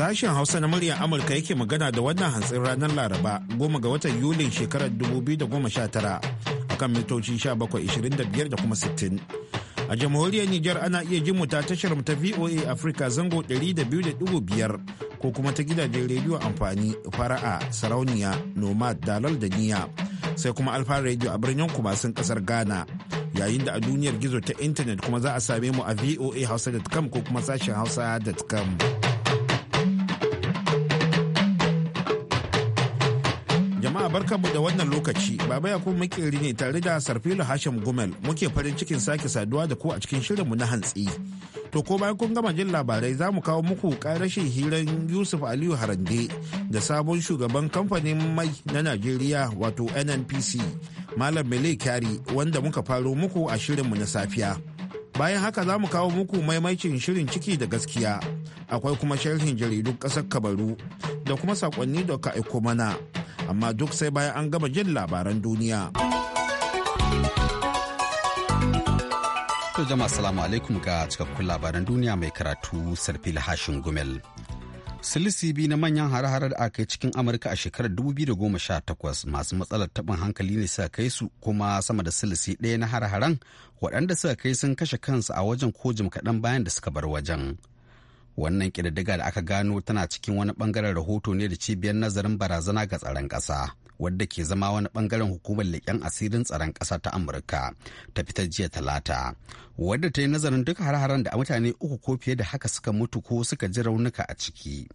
Sashen Hausa na muryar Amurka yake magana da wannan hantsin ranar Laraba goma ga watan Yulin shekarar 2019 akan mitoci 1725 da kuma 60. A jamhuriyar Nijar ana iya jin mu ta tashar ta VOA Africa zango 200.5 ko kuma ta gidajen rediyo amfani fara'a sarauniya nomad dalal da niya sai kuma alfa rediyo a birnin kumasin kasar Ghana. yayin da a duniyar gizo ta intanet kuma za a same mu a voa hausa.com ko kuma sashen hausa.com. barkanmu da wannan lokaci. Baba Yakubu makeri ne tare da Sarfilu Hashim Gumel muke farin cikin sake saduwa da ku a cikin shirinmu na hantsi. To ko bayan kun gama jin labarai za mu kawo muku karashin hiran Yusuf Aliyu Harande da sabon shugaban kamfanin mai na Najeriya wato NNPC Malam Mele Kyari wanda muka faro muku a shirinmu na safiya. Bayan haka za mu kawo muku maimaicin shirin ciki da gaskiya. Akwai kuma sharhin jaridun ƙasar Kabaru da kuma saƙonni da ka aiko mana. amma duk sai bayan an gama jin labaran duniya. To jama'a salamu alaikum ga cikakkun labaran duniya mai karatu sarfi hashin gumel. silisi biyu na manyan hare-hare da aka yi cikin amurka a shekarar 2018 masu matsalar taɓin hankali ne suka kai su kuma sama da silisi ɗaya na hare-haren waɗanda suka kai sun kashe kansu a wajen ko jim kaɗan bayan da suka bar wajen wannan kididdiga da aka gano tana cikin wani ɓangaren rahoto ne da cibiyar nazarin barazana ga tsaron ƙasa wadda ke zama wani ɓangaren hukumar leƙen asirin tsaron ƙasa ta amurka ta fitar jiya talata wadda ta yi nazarin duk har-haren da mutane uku ko fiye da haka suka mutu ko suka ji raunuka a ciki.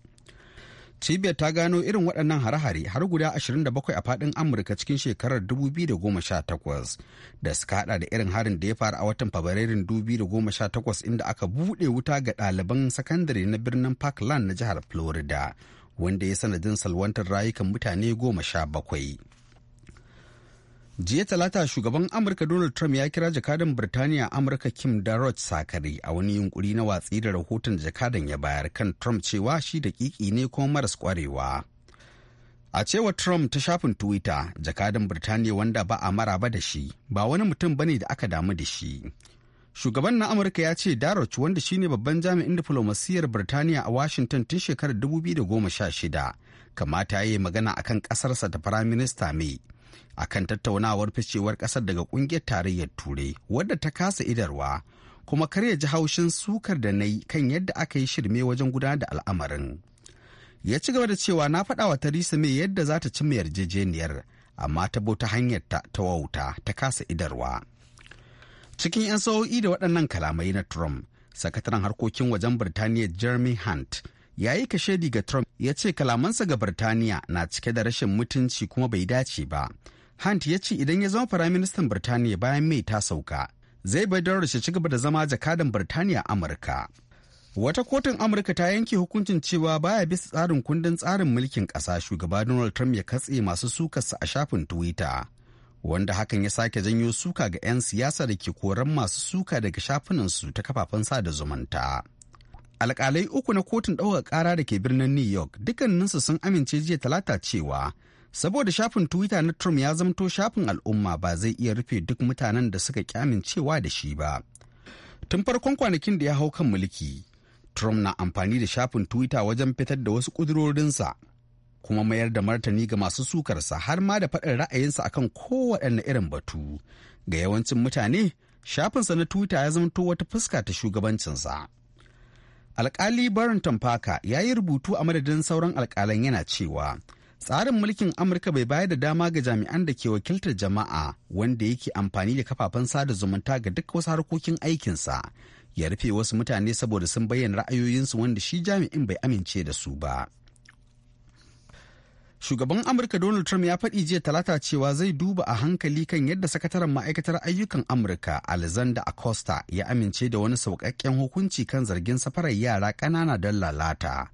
cibiyar ta gano irin waɗannan hare-hare har guda 27 a faɗin amurka cikin shekarar 2018 da suka hada da irin harin da ya faru a watan fabrairun 2018 inda aka buɗe wuta ga ɗaliban sakandare na birnin parkland na jihar florida wanda ya sanadin salwantar rayukan mutane goma sha bakwai. jiya talata shugaban amurka donald trump ya kira jakadan birtaniya amurka kim Darroch sakare a wani yunkuri na watsi da rahoton jakadan ya bayar kan trump cewa shi dakiki ne kuma maras kwarewa a cewa trump ta shafin twitter jakadan birtaniya wanda ba a maraba da shi ba wani mutum bane da aka damu da shi shugaban na amurka ya ce Darroch, wanda shine babban jami'in diflomasiyyar birtaniya a washington tun shekarar 2016 kamata ya yi magana akan ƙasarsa da firaminista mai akan tattaunawar ficewar ƙasar daga ƙungiyar tarayyar turai wadda ta kasa idarwa kuma kar ya ji haushin sukar da na yi kan yadda aka yi shirme wajen gudanar da al'amarin ya ci gaba da cewa na faɗa wa theresa may yadda za ta cimma yarjejeniyar amma ta bauta hanyar ta ta wauta ta kasa idarwa cikin 'yan sa'o'i da waɗannan kalamai na trump sakataren harkokin wajen birtaniya jeremy hunt ya yi kashedi ga trump ya ce kalamansa ga birtaniya na cike da rashin mutunci kuma bai dace ba Hunt ya ce idan ya zama Firaministan Birtaniya bayan mai ta sauka, zai bai don ci cigaba da zama jakadan Birtaniya Amurka. Wata kotun Amurka ta yanke hukuncin cewa baya bisa tsarin kundin tsarin mulkin ƙasa shugaba Donald Trump ya katse masu sukarsa a shafin Twitter. Wanda hakan ya sake janyo suka ga 'yan siyasa da ke koran masu suka daga shafinansu ta kafafen sada zumunta. Alƙalai uku na kotun ɗaukar ƙara da ke birnin New York dukkaninsu sun amince jiya talata cewa saboda shafin twitter na trump ya zamto shafin al'umma ba zai iya rufe duk mutanen da suka kyamincewa da shi ba tun farkon kwanakin da ya hau kan mulki trump na amfani da shafin twitter wajen fitar da wasu kudurorinsa kuma mayar da martani ga masu sukarsa har ma da faɗin ra'ayinsa akan kowaɗanne irin batu ga yawancin mutane shafinsa na twitter ya zamto wata fuska ta shugabancinsa alkali barin tamfaka ya yi rubutu a madadin sauran alkalan yana cewa tsarin mulkin amurka bai bayar da dama ga jami'an da ke wakiltar jama'a wanda yake amfani da kafafen sada zumunta ga duk wasu harkokin aikinsa ya rufe wasu mutane saboda sun bayyana ra'ayoyinsu wanda shi jami'in bai amince da su ba. Shugaban Amurka Donald Trump ya faɗi jiya talata cewa zai duba a hankali kan yadda sakataren ma'aikatar ayyukan Amurka Alexander Acosta ya amince da wani sauƙaƙƙen hukunci kan zargin safarar yara ƙanana don lalata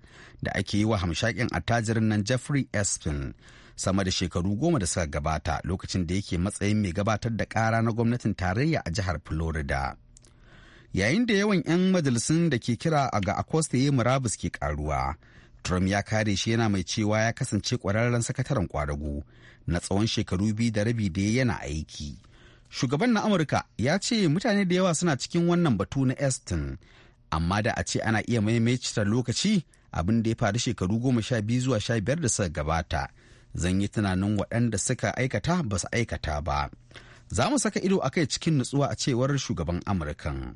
da ake yi wa hamshakin attajirin nan Jeffrey Espin sama da shekaru goma da suka gabata lokacin da yake matsayin mai gabatar da ƙara na gwamnatin tarayya a jihar Florida. Yayin da yawan 'yan majalisun da ke kira ga Acosta ya yi murabus ke ƙaruwa. Trump ya kare shi yana mai cewa ya kasance kwararren sakataren kwadago na tsawon shekaru biyu da rabi da yana aiki. Shugaban na Amurka ya ce mutane da yawa suna cikin wannan batu na Eston, amma da a ce ana iya maimaita lokaci abin da ya faru shekaru goma sha biyu zuwa sha biyar da suka gabata. Zan yi tunanin waɗanda suka aikata ba su aikata ba. Za mu saka ido a kai cikin nutsuwa a cewar shugaban Amurkan.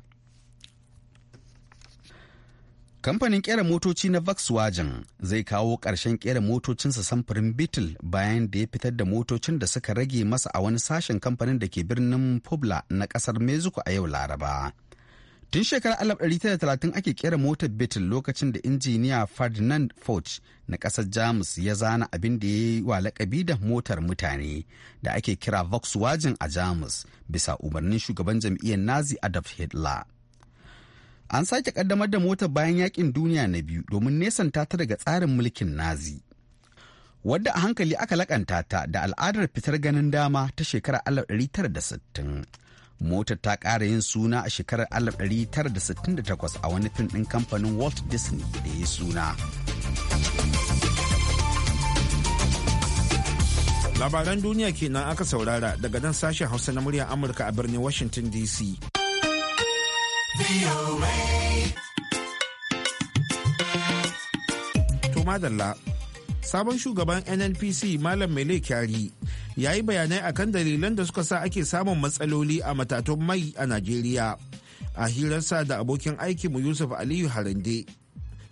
Kamfanin kera motoci na Volkswagen zai kawo ƙarshen kera motocinsa samfurin Beetle bayan da ya fitar da motocin da suka rage masa a wani sashen kamfanin da ke birnin Puebla na ƙasar Mexico a yau Laraba. Tun shekarar 1930 ake kera motar Beetle lokacin da injiniya Ferdinand Foch na ƙasar Jamus ya zana abin da ya yi wa lakabi da motar mutane da ake kira Volkswagen a Jamus bisa umarnin shugaban jam'iyyar Nazi Adolf Hitler. An sake kaddamar da motar bayan yakin duniya na biyu domin nesanta ta daga tsarin mulkin Nazi. Wadda a hankali aka lakanta ta da al'adar fitar ganin dama ta shekarar 1960. Motar ta ƙara yin suna a shekarar 1968 a wani fim ɗin kamfanin Walt Disney da ya suna. Labaran duniya kenan aka saurara daga nan sashen Hausa na murya Amurka a birnin Washington DC. To madalla, sabon shugaban NNPC Malam Mele Kyari ya yi bayanai akan dalilan da suka sa ake samun matsaloli a matatun mai a Najeriya. A hirarsa da abokin aikinmu Yusuf Aliyu Harande.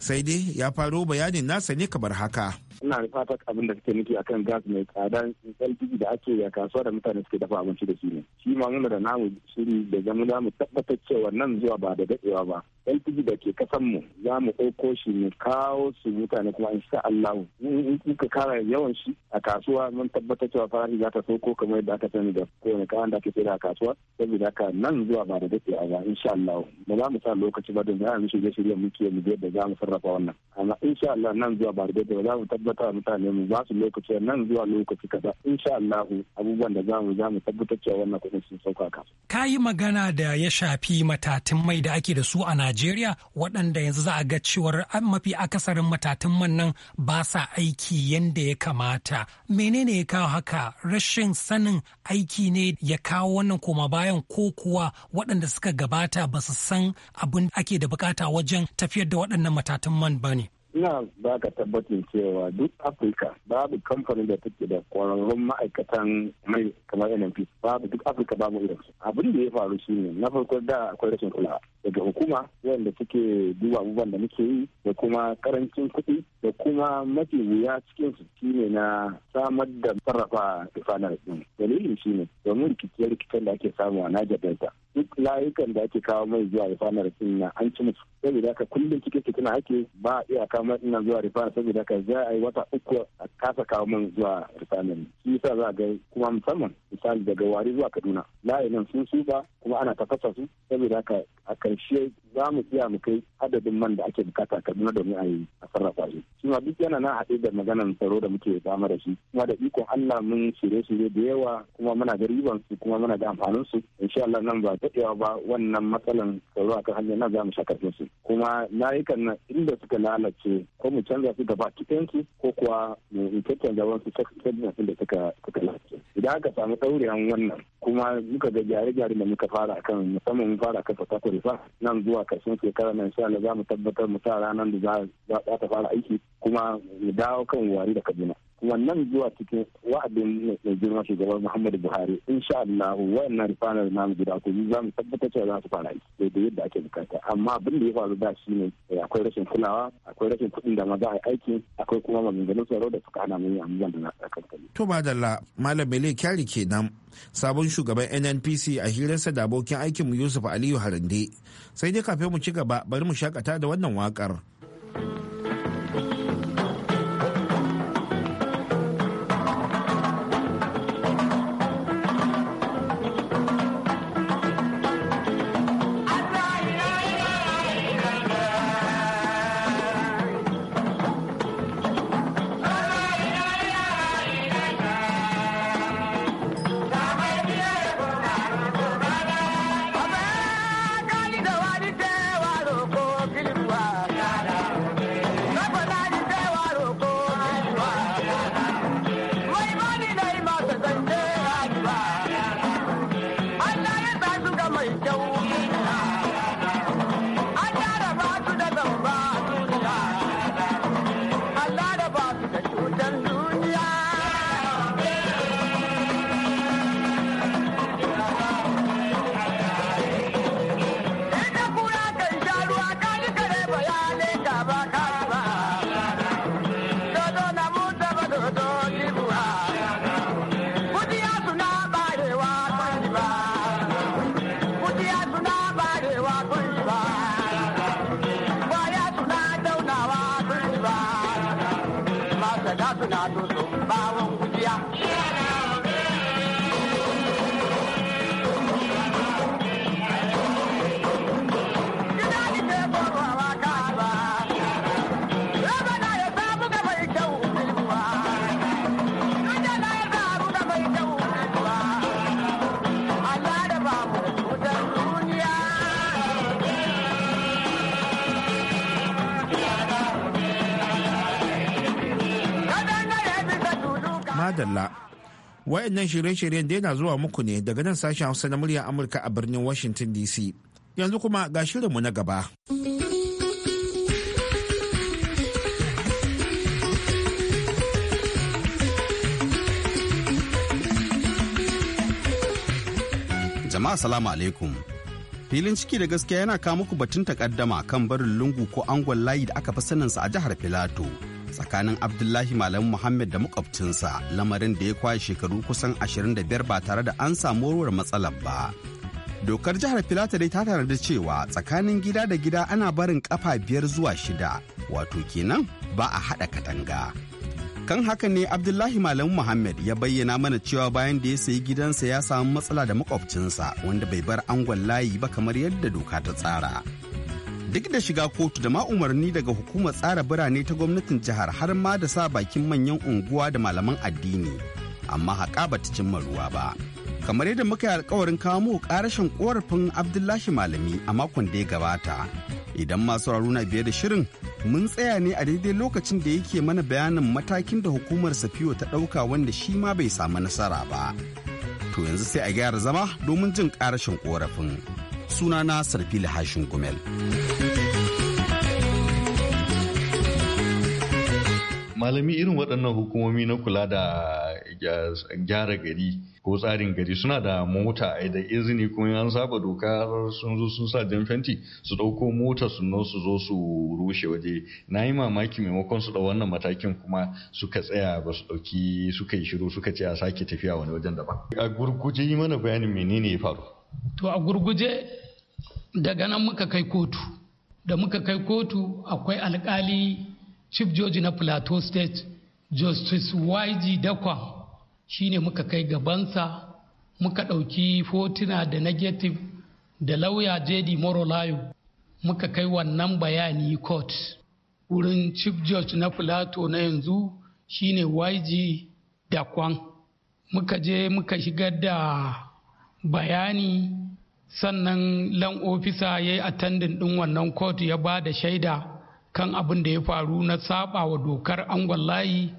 Sai dai ya faro bayanin nasa ne kamar haka. ina da fata abin da suke nufi akan gas mai tsada LPG da ake ya kasuwa da mutane suke dafa abinci da shi ne shi ma muna da namu shiri da zamu za mu tabbatar cewa nan zuwa ba da dadewa ba LPG da ke kasan mu za mu ɗauko shi mu kawo su mutane kuma insha Allah in ka kara yawan shi a kasuwa mun tabbatar cewa farashi za ta sauko kamar yadda aka sani da kowane kayan da ake sayar a kasuwa saboda haka nan zuwa ba da dadewa ba insha Allah ba za mu sa lokaci ba don za mu shirye shirye muke mu da za mu sarrafa wannan amma insha Allah nan zuwa ba da dadewa za mu tabbatar tabbata mutane mu ba su lokaci nan zuwa lokaci kaza insha Allah abubuwan da zamu za mu tabbatar cewa wannan kuɗin sun sauka ka. Ka yi magana da ya shafi matatun mai da ake da su a Najeriya waɗanda yanzu za a ga cewar mafi akasarin matatun man nan ba sa aiki yanda ya kamata. Menene ya kawo haka rashin sanin aiki ne ya kawo wannan koma bayan ko kuwa waɗanda suka gabata ba su san abin ake da bukata wajen tafiyar da waɗannan matatun man ba ne. ina ba ka tabbacin cewa duk afirka babu kamfanin da take da kwararrun ma'aikatan mai kamar nnp babu duk afirka babu irinsu abin da ya faru shine na farko da akwai rashin kulawa daga hukuma wanda suke duba abubuwan da muke yi da kuma karancin kuɗi da kuma mafi wuya cikin su shine na samar da sarrafa tufanar din dalilin shine domin rikice rikicen da ake samu a Niger Delta duk layukan da ake kawo mai zuwa rifanar din na an ci musu saboda haka kullum cikin cikin ake ba iya kawo mai ina zuwa rifanar saboda haka za a yi wata uku a kasa kawo mai zuwa refinery shi yasa za a ga kuma musamman misali daga wari zuwa Kaduna layi nan sun suba kuma ana tafasa su saboda haka a yaushe za mu iya mu kai adadin man da ake bukata ka kaduna domin a yi a sarrafa shi shi duk yana na haɗe da maganan tsaro da muke fama da shi kuma da ikon Allah mun shirye-shirye da yawa kuma muna da riban su kuma muna da amfanin su insha Allah nan ba daɗewa ba wannan matsalan tsaro akan hanyar nan za mu shakar su kuma layukan nan inda suka lalace ko mu canza su gaba su ko kuwa mu canza wasu segments da suka suka lalace idan aka samu ɗaurewan wannan kuma muka ga gyare-gyare da muka fara akan musamman mu fara akan fatakuri fa nan zuwa karshen shekara nan insha Allah za mu tabbatar mu sa ranar da za ta fara aiki kuma mu dawo kan wari da Kaduna wannan zuwa cikin wa'adin mai girma shugaban muhammadu buhari insha allah wannan rifanar namu gida ko za mu tabbatar cewa za su fara aiki da yadda ake bukata amma abin da ya faru da shi ne eh, akwai rashin kulawa akwai rashin kuɗin da ma za a yi aiki akwai kuma maganganun tsaro da suka hana mun yi abubuwan da na a kankare. to madalla malam bele kyari kenan sabon shugaban nnpc a hirarsa da abokin aikin mu yusuf aliyu harande sai dai kafin mu ci gaba bari mu shakata da wannan wakar. madalla. Wayannan shirye-shiryen da yana zuwa muku ne daga nan sashen Hausa na murya Amurka a birnin Washington DC. Yanzu kuma ga mu na gaba. Jama'a salamu alaikum. filin ciki da gaskiya yana kawo muku batun takaddama kan barin lungu ko angon layi da aka fi saninsa a jihar filato tsakanin abdullahi malam muhammad da makwabcinsa lamarin da ya kwaye shekaru kusan 25 ba tare da an samu ruwar matsalar ba dokar jihar filata dai ta da cewa tsakanin gida da gida ana barin kafa biyar zuwa shida wato kenan ba a haɗa katanga kan haka ne abdullahi malam muhammad ya bayyana mana cewa bayan da ya sayi gidansa ya samu matsala da makwabcinsa wanda bai bar angon layi ba kamar yadda doka ta tsara duk da shiga kotu da ma umarni daga hukumar tsara birane ta gwamnatin jihar har ma da sa bakin manyan unguwa da malaman addini amma haƙa ba ta cimma ruwa ba kamar yadda muka yi alkawarin kawo mu ƙarashin korafin abdullahi malami a makon da ya gabata idan masu na biye da shirin mun tsaya ne a daidai lokacin da yake mana bayanin matakin da hukumar safiyo ta ɗauka wanda shi ma bai samu nasara ba to yanzu sai a gyara zama domin jin ƙarashin korafin sunana sarfili hashin gumel. malami irin waɗannan hukumomi na kula da gyara gari ko tsarin gari suna da mota ai da izini kuma an saba doka sun zo sun sa jan fenti su ɗauko mota su nan su zo su rushe waje na yi mamaki maimakon su da wannan matakin kuma suka tsaya ba su ɗauki suka yi shiru suka ce a sake tafiya wani wajen daban a gurguje yi mana bayanin menene ya faru to a gurguje daga nan muka kai kotu da muka kai kotu akwai alkali chief george na plateau state justice yg dakwa shine muka kai gabansa muka ɗauki fotuna da negative da lauya jd morolayo muka kai wannan bayani court wurin chief george na plateau na yanzu shine yg dakwan muka je muka shiga da bayani sannan lan ofisa ya yi din ɗin wannan court ya ba da shaida kan abin da ya faru na saba wa dokar angon layi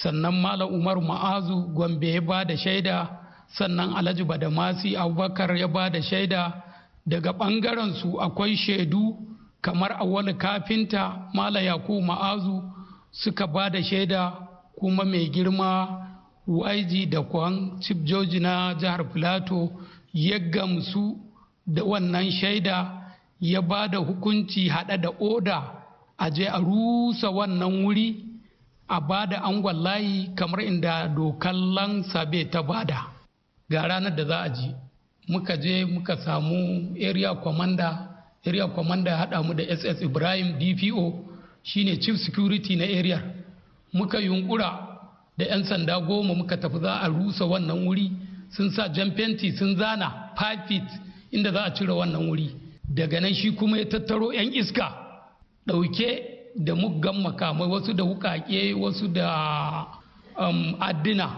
sannan malam umar ma'azu gombe ya ba da shaida sannan alhaji badamasi abubakar ya ba da shaida daga ɓangaren su akwai shaidu kamar awali kafinta Malam yakubu ma'azu suka ba da shaida kuma mai girma YG da kwan chief joji na jihar filato ya gamsu da wannan shaida ya ba da hukunci haɗa da oda a je a rusa wannan wuri a bada angon layi kamar inda lansa sabe ta bada ga ranar da za a ji muka je muka samu area commander area commander ya haɗa mu da ss ibrahim dpo shine chief security na area muka yunkura da 'yan sanda goma muka tafi za a rusa wannan wuri sun sa jan fenti sun zana 5 feet inda za a cire wannan wuri daga nan shi kuma ya tattaro 'yan iska ɗauke da muggan makamai wasu da hukake wasu da um, addina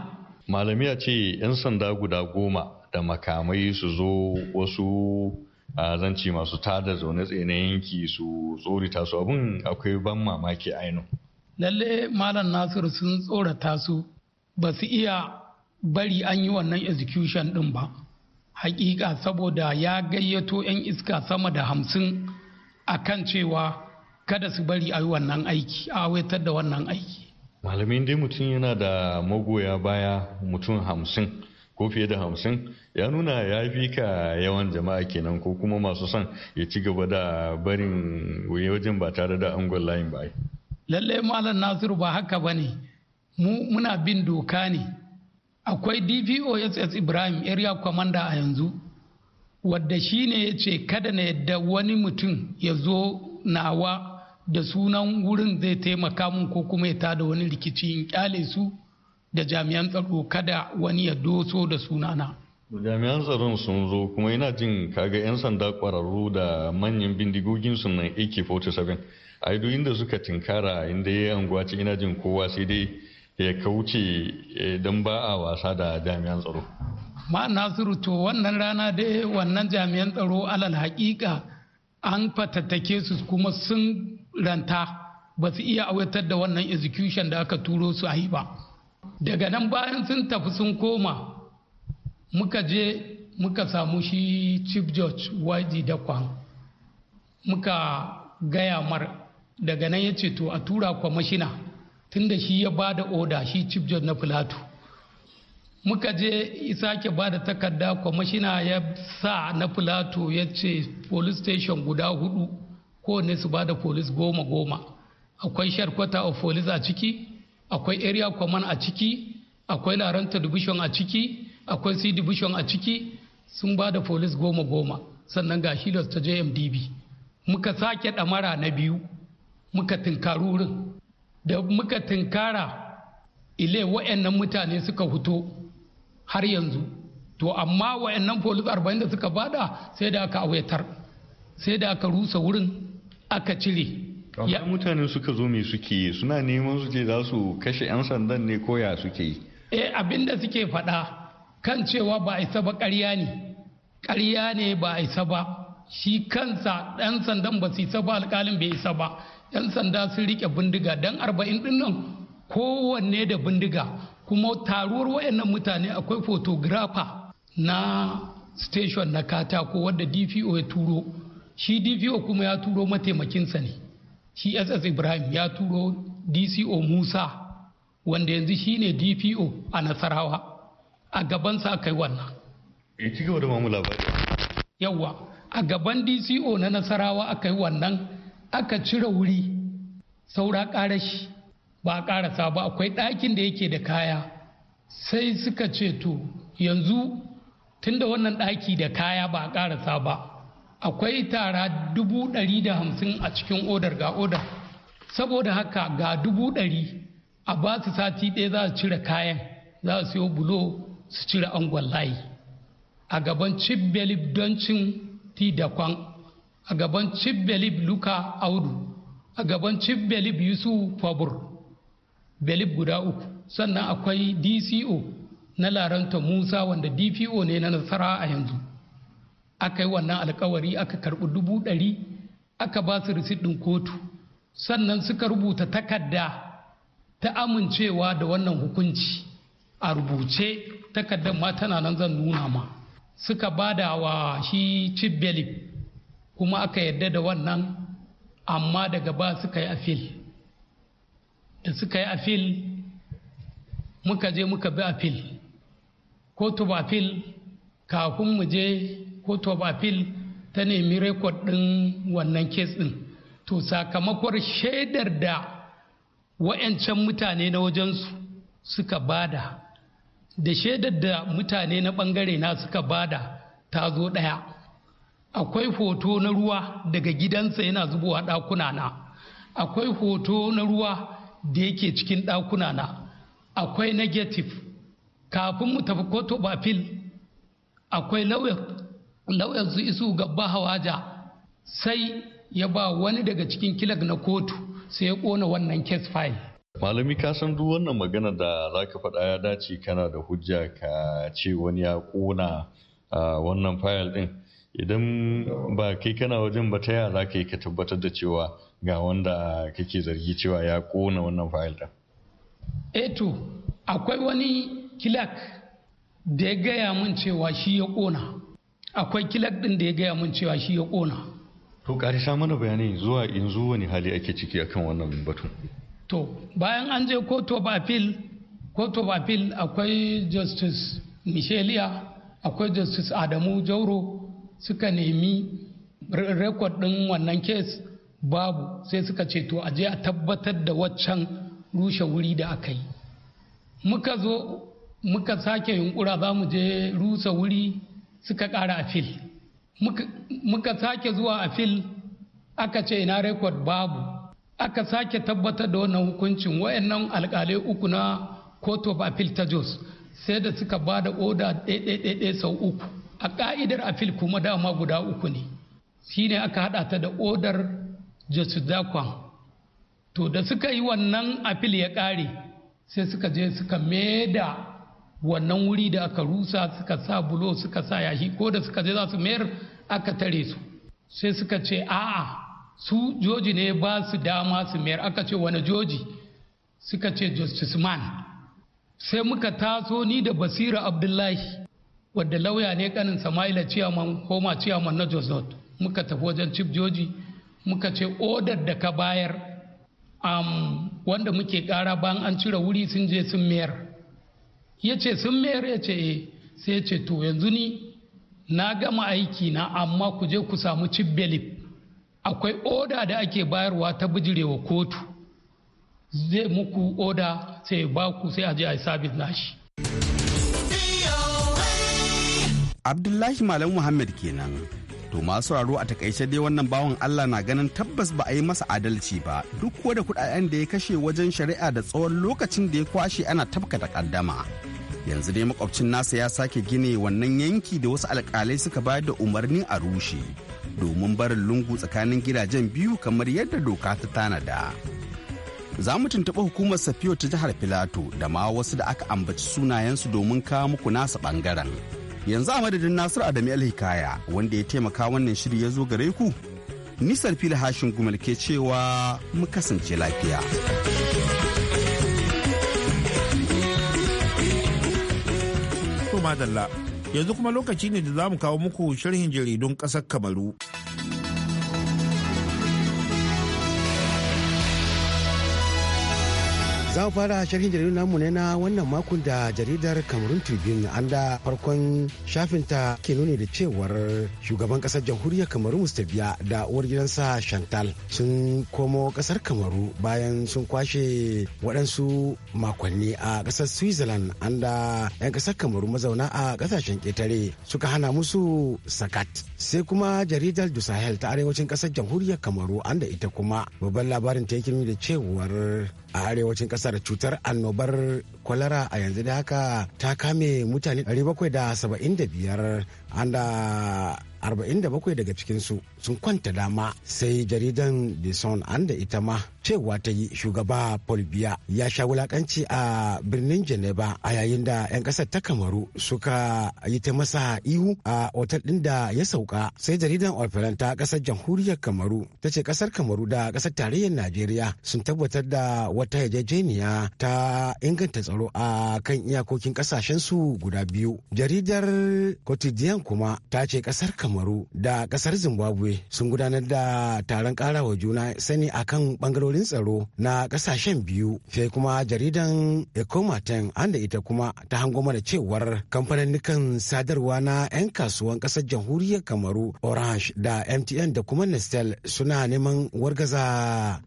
malami ya ce 'yan sanda guda goma da makamai su zo wasu zanci masu tada zaune tsaye na yanki su tsorita su abin akwai ban mamaki ainu lalle malam Nasiru sun tsorata su ba su iya bari an yi wannan execution din ba hakika saboda ya gayyato 'yan iska sama da hamsin a kan cewa kada su bari a yi wannan aiki a wetar da wannan aiki malamin dai mutum yana da magoya baya mutum hamsin ko fiye da hamsin ya nuna ya fi ka yawan jama'a kenan ko kuma masu son ya ci gaba da barin wajen ba tare da angon layin ba lalle malam nasiru ba haka ba ne mu muna bin doka ne akwai dvoss ibrahim area commander a yanzu wadda shi ne ya ce kada na yadda wani mutum ya zo nawa da sunan wurin zai taimaka mun ko kuma ya tada wani rikici in kyale su da jami'an tsaro kada wani ya doso da sunana. jami'an tsaron sun zo kuma yana jin kaga 'yan sanda kwararru da manyan bindigogin su nan ak-47 a inda suka tinkara inda ya anguwa ce ina jin kowa sai dai ya kauce eh, don ba a wasa da jami'an tsaro ma nasiru to wannan rana da wannan jami'an tsaro alal hakika an fatattake su kuma sun ranta ba su iya auyatar da wannan execution da aka turo su a yi ba daga nan bayan sun tafi sun koma muka je muka samu shi chief george waji kwan. muka gaya mar daga nan ya ce to a tura kwamashina tunda shi ya ba da oda shi chief judge na filato muka je sake ba da takarda kwamashina ya sa na filato ya ce police station guda hudu kowanne su ba da polis goma goma akwai sharkwata of police a ciki akwai area command a ciki akwai laranta division a ciki akwai c division a ciki sun ba da polis goma goma sannan ga shilas ta jmdb muka sake ɗamara na biyu muka tinkari wurin da muka tinkara ile wa'annan mutane suka fito har yanzu to amma wa'annan polis arba'in da suka bada sai da aka auyatar sai da aka rusa wurin aka cire ya mutane suka zo me suke suna neman suke za su kashe 'yan sandan ne ko suke yi eh abinda suke faɗa kan cewa ba isa ba ƙarya ne ƙarya ne ba isa ba shi kansa ɗan sandan ba su isa ba alƙalin bai isa ba 'yan sanda sun rike bindiga dan arba'in ɗin nan kowanne da bindiga kuma taruwar wayannan mutane akwai photographer na station na katako wadda dpo ya turo shi dpo kuma ya turo mataimakinsa ne shi ss ibrahim ya turo dco musa wanda yanzu shine dpo a nasarawa a gabansa aka wannan ya eh, ci gaba da mamu labari Yawwa, a gaban dco na nasarawa aka yi wannan aka cire wuri saura ƙarashi ba a ƙarasa ba akwai ɗakin da yake da kaya sai suka ce to yanzu tunda wannan ɗaki da kaya ba a ƙarasa ba akwai tara dubu ɗari da hamsin a cikin odar ga odar saboda haka ga dubu ɗari a ba su sati ɗaya za su cire kayan za su yi bulo su cire angon layi a gaban cibbelib don cin ti da kwan a gaban cibbelib luka audu a gaban cibbelib yusuf fabur belib guda uku sannan akwai dco na laranta musa wanda dpo ne na nasara a yanzu aka yi wannan alkawari aka karɓi dubu ɗari aka ba su risit kotu sannan suka rubuta takarda ta amincewa da wannan hukunci a rubuce takardar ma tana nan zan nuna ma suka ba da wa shi cibbelip kuma aka yadda da wannan amma daga ba suka yi afil da suka yi afil muka je muka bi afil kotu ba afil kafin mu je court of ta nemi rekod ɗin wannan kes ɗin to sakamakon shaidar da wa'yancan mutane na wajensu suka bada da shaidar da mutane na ɓangare na suka bada ta zo ɗaya akwai hoto na ruwa daga gidansa yana zubowa ɗakuna na akwai hoto na ruwa da yake cikin ɗakuna na akwai negative kafin mu tafi koto bafil akwai lawyer lau'ar su isu gabba hawaja sai ya ba wani daga cikin kilag na kotu sai ya kona wannan kes file malami ka san duk wannan magana da za ka faɗa ya dace kana da hujja ka ce wani ya kona wannan file din idan ba kai kana wajen ba ta yaya za ka yi ka tabbatar da cewa ga wanda kake zargi cewa ya kona wannan fayil ɗin. eto eh akwai wani kilak da ya gaya min cewa shi ya kona akwai kilak din da ya gaya mun cewa shi ya kona to sha mana bayani zuwa yanzu wani hali ake ciki akan wannan batun to bayan an je court of appeal court of appeal akwai justice michelia akwai justice adamu jauro suka nemi record din wannan case babu sai suka ce to a je a tabbatar da waccan rushe wuri da aka yi muka zo muka sake yunkura za mu je rusa wuri suka ƙara fil muka sake zuwa a fil aka ce ina rekod babu aka sake tabbatar da wannan hukuncin wayannan alƙalai uku na court of appeal ta jos sai da suka ba da oda ɗaiɗaiɗaiɗai sau uku a ƙa'idar appeal kuma dama guda uku ne shine aka haɗa ta da odar jesu to da suka yi wannan fil ya ƙare sai suka je suka maida wannan wuri da aka rusa suka sa bulo suka sa yashi ko da suka je za su mayar aka tare su sai suka ce a'a su joji ne ba su dama su mayar aka ce wani joji suka ce justice man sai muka taso ni da basira abdullahi wadda lauya ne kanin samaila ciyaman koma ciyaman na josot muka tafi wajen chief joji muka ce odar da ka bayar um, wanda muke kara bayan an cire wuri sun je sun mayar ya ce sun mayar ya ce eh. sai ce to yanzu ni na gama aiki na amma ku je ku samu cibbelip akwai oda da ake bayarwa ta bijirewa kotu zai muku oda sai ba ku sai a je a yi sabis nashi abdullahi malam muhammad kenan to masu raro a takaice dai wannan bawan Allah na ganin tabbas ba a yi masa adalci ba duk wadda kudayen da ya kashe wajen shari'a da tsawon lokacin da ya kwashe ana tafka kaddama yanzu dai makwabcin nasa ya sake gine wannan yanki da wasu alkalai suka bayar da umarni a rushe domin barin lungu tsakanin gidajen biyu kamar yadda doka ta tanada za mu tuntuɓi hukumar safiyo ta jihar filato da ma wasu da aka ambaci sunayensu domin kawo muku nasa bangaren yanzu a madadin nasiru adamu alhikaya wanda ya taimaka wannan shiri ya zo gare ku nisar fili hashin gumal ke cewa mu kasance lafiya. To Dalla, yanzu kuma lokaci ne da za mu kawo muku sharhin jaridun ƙasar Kamaru. za mu fara sharhin jaridar namu ne na wannan makon da jaridar Cameroon Tribune an da farkon shafinta ke nuni da cewar shugaban kasar jamhuriyar Kamaru biya da uwar gidansa Chantal sun komo kasar Kamaru bayan sun kwashe waɗansu makonni a kasar Switzerland an da 'yan kasar Kamaru mazauna a kasashen ƙetare suka hana musu sakat. Sai kuma jaridar Du Sahel ta arewacin kasar jamhuriyar Kamaru an da ita kuma babban labarin ta yake nuni da cewar a arewacin kasar cutar annobar kwalara a yanzu da haka ta kame mutane 775 anda 47 daga cikinsu sun kwanta dama sai jaridan the sun da ita ma cewa ta yi shugaba paul ya sha wulakanci a birnin geneva a yayin da 'yan kasar ta kamaru suka yi ta masa ihu a otal din da ya sauka sai jaridan orphelan ta kasar jamhuriyar kamaru ta ce kasar kamaru da kasar tarayyar najeriya sun tabbatar da wata yarjejeniya ta inganta tsaro a kan iyakokin kasashen su guda biyu jaridar quotidien nan kuma ta ce kasar kamaru da kasar zimbabwe sun gudanar da taron karawa juna sani akan bangarorin tsaro na kasashen biyu sai kuma jaridan ecomaten an ita kuma ta hango mana cewar kamfanin sadarwa na 'yan kasuwan kasar jamhuriyar kamaru orange da mtn da kuma nestel suna neman wargaza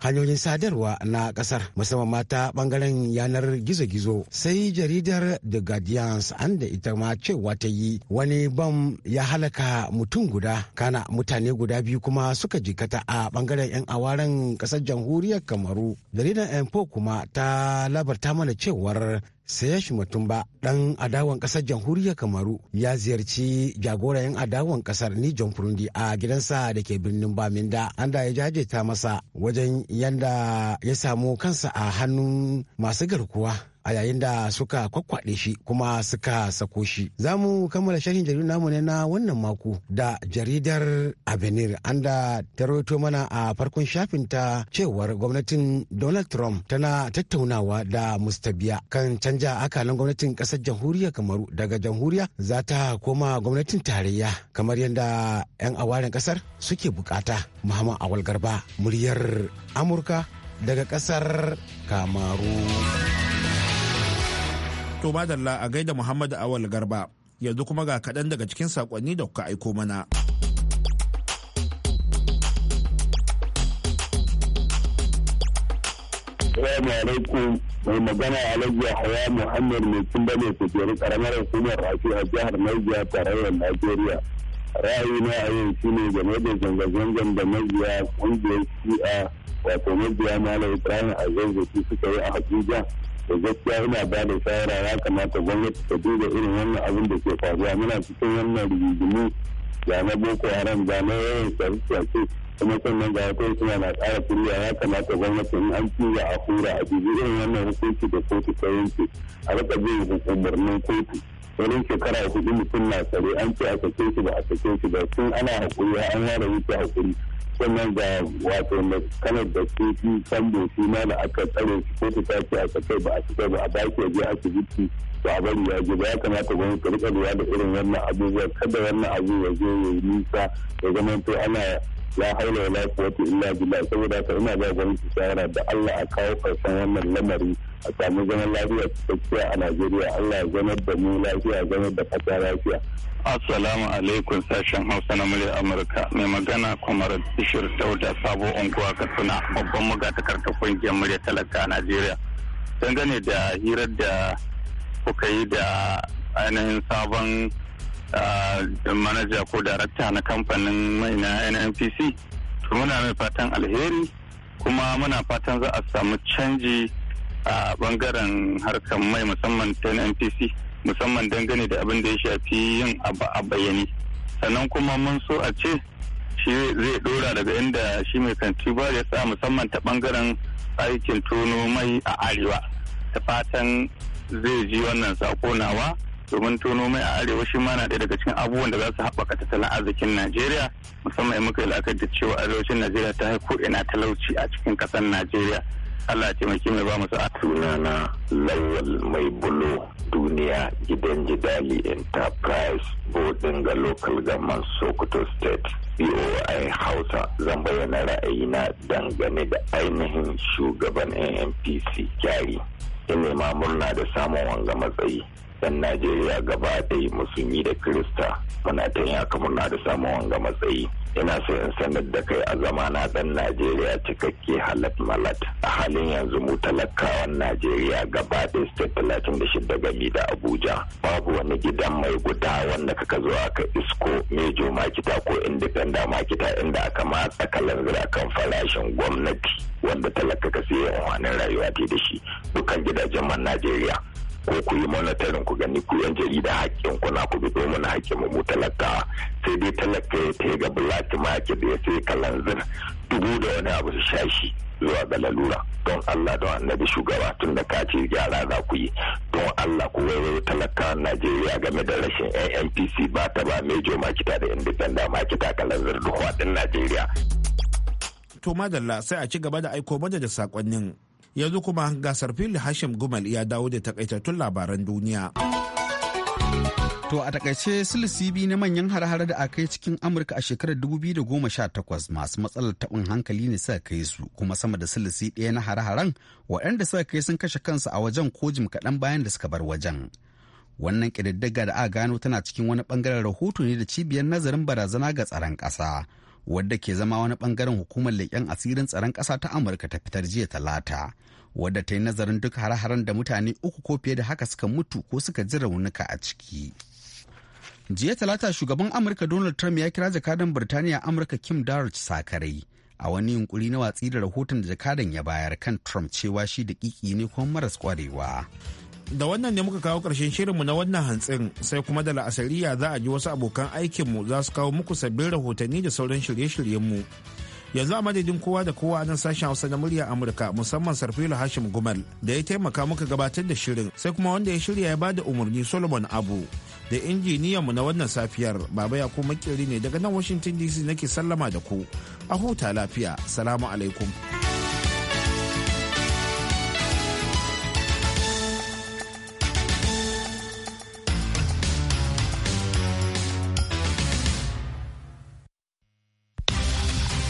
hanyoyin sadarwa na kasar musamman mata bangaren yanar gizo-gizo sai jaridar the guardians an ita ma cewa ta yi wani bam ya halaka mutum guda kana mutane guda biyu kuma suka jikata a bangaren 'yan awaren kasar jamhuriyar kamaru jaridar info kuma ta labarta mana cewar sayashi mutumba dan adawan kasar jamhuriyar kamaru ya ziyarci jagoran adawan kasar ni john furundi a gidansa da ke birnin baminda anda ya jajeta masa wajen yanda ya samu kansa a hannun masu garkuwa a yayin da suka kwakwaɗe shi kuma suka sako shi. Za mu kammala sharhin jaridar namu ne na wannan mako da jaridar Avenir an da ta rawaito mana a farkon shafin ta cewar gwamnatin Donald Trump tana tattaunawa da Mustabiya kan canja akalan gwamnatin ƙasar jamhuriyar Kamaru daga jamhuriya za ta koma gwamnatin tarayya kamar yadda 'yan awaren ƙasar suke bukata. Muhammad Awal Garba muryar Amurka daga ƙasar Kamaru. To madalla a gaida Muhammad Awal Garba yanzu kuma ga kaɗan daga cikin sakonni da kuka aiko mana. Assalamu alaikum mai magana Alhaji Yahaya Muhammad mai cin ne su jeri karamar hukumar rafi a jihar Niger tarayyar Najeriya. Ra'ayina a yau ne game da zanga-zangan da mabiya kungiyar shi'a wato mabiya Malam Ibrahim Azazzaki suka yi a Abuja da gaskiya ina ba da shawara ya kamata gwamnati ta duba irin wannan abin da ke faruwa muna cikin wannan rigingimu da na boko haram da na yawan shafi kuma sannan ga wata suna na ƙara kuriya ya kamata gwamnati in an tura a kura. a dubi irin wannan hukunci da kotu ta yanke a rika bin hukumarnin kotu wurin shekara hudu mutum na tsare an ce a sake shi ba a sake shi ba tun ana hakuri an ware wuce hakuri sannan ga wato na kanar da ke fi sambo shi ma da aka tsare su ko ta tashi a tsakai ba a cikai ba a baki yaje asibiti ba a bari ya je ba ya kamata gwamnati ta rika lura da irin wannan abubuwa kada wannan abu ya zo ya yi nisa ya zama to ana ya haula wala quwwata illa billah saboda haka ina ba gwamnati shawara da Allah a kawo karshen wannan lamari a samu zaman lafiya cikakkiya a Najeriya Allah ya zama da mu lafiya zama da fata lafiya. Assalamu alaikum sashen Hausa na murya Amurka mai magana kwamar Bishir Dauda Sabo Unguwa Katsina babban ta kungiyar murya talaka a Najeriya. Dangane da hirar da kuka yi da ainihin sabon ah, manaja ko darakta na kamfanin mai na NNPC. Muna mai fatan alheri kuma muna fatan za a samu canji a bangaren harkar mai musamman ta npc musamman dangane da abin da ya shafi yin abu a bayani sannan kuma mun so a ce shi zai dora daga inda shi mai kanti ba ya sa musamman ta bangaren aikin tono mai a arewa ta fatan zai ji wannan sako nawa domin tono mai a arewa shi ma na ɗaya daga cikin abubuwan da za su haɓaka tattalin arzikin najeriya musamman in muka yi la'akari da cewa arewacin najeriya ta haiko ina talauci a cikin ƙasar najeriya Allah ya taimake mai ba musu na lawal mai bulo duniya gidan jidali enterprise bodin ga local government sokoto state boi hausa zan bayyana ra'ayina dangane da ainihin shugaban npc kyari ina ma murna da samun wanga matsayi 'yan najeriya gaba ɗaya musulmi da kirista muna ta yin haka muna da samun wanga matsayi ina so in sanar da kai a zama na ɗan najeriya cikakke halat malat a halin yanzu mu talakawan najeriya gaba ɗaya state talatin da shida gami da abuja babu wani gidan mai guda wanda kaka zo aka isko mejo makita ko independent makita inda aka matsa kalanzir akan farashin gwamnati wanda talaka ka siya wani rayuwa ta da shi dukkan gidajen man najeriya ko ku yi monitoring ku gani ku yan jarida hakkin ku na ku bido muna hakkin mu talaka sai dai talaka ya ta ga bulati ke da ya sai kalanzir dubu da wani abu su shashi zuwa ga lalura don Allah don annabi shugaba tun da kace gyara za ku yi don Allah ku waiwayo talaka Najeriya game da rashin NNPC ba ta ba major makita da independent makita kalanzir duk wadin Najeriya. To madalla sai a ci gaba da aiko mana sakonnin yanzu kuma gasar fili hashim gumal ya dawo da takaitattun labaran duniya To a takaice silisibi na manyan har da aka yi cikin Amurka a shekarar 2018 masu matsalar taɓin hankali ne suka kai su kuma sama da silisi ɗaya na har-haren waɗanda suka kai sun kashe kansu a wajen ko jim kaɗan bayan da suka bar wajen. Wannan ƙididdiga da aka gano tana cikin wani ɓangaren rahoto ne da cibiyar nazarin barazana ga tsaron ƙasa wadda ke zama wani bangaren hukumar leƙen asirin tsaron ƙasa ta amurka ta fitar jiya talata wadda ta yi nazarin duk hare-haren da mutane uku ko fiye da haka suka mutu ko suka ji raunuka a ciki jiya talata shugaban amurka donald trump ya kira jakadan birtaniya amurka kim darich sakarai a wani yunkuri na watsi da rahoton da jakadan ya bayar kan trump cewa shi da ne kuma maras kwarewa da wannan ne muka kawo ƙarshen shirinmu na wannan hantsin sai kuma da la'asariya za a ji wasu abokan aikinmu za su kawo muku sabbin rahotanni da sauran shirye-shiryenmu yanzu a madadin kowa da kowa a nan sashen hausa na murya amurka musamman sarfilo hashim gumal da ya taimaka muka gabatar da shirin sai kuma wanda ya shirya ya bada umarni solomon abu da injiniyanmu na wannan safiyar baba ya kuma makeri ne daga nan washington dc nake sallama da ku a huta lafiya salamu alaikum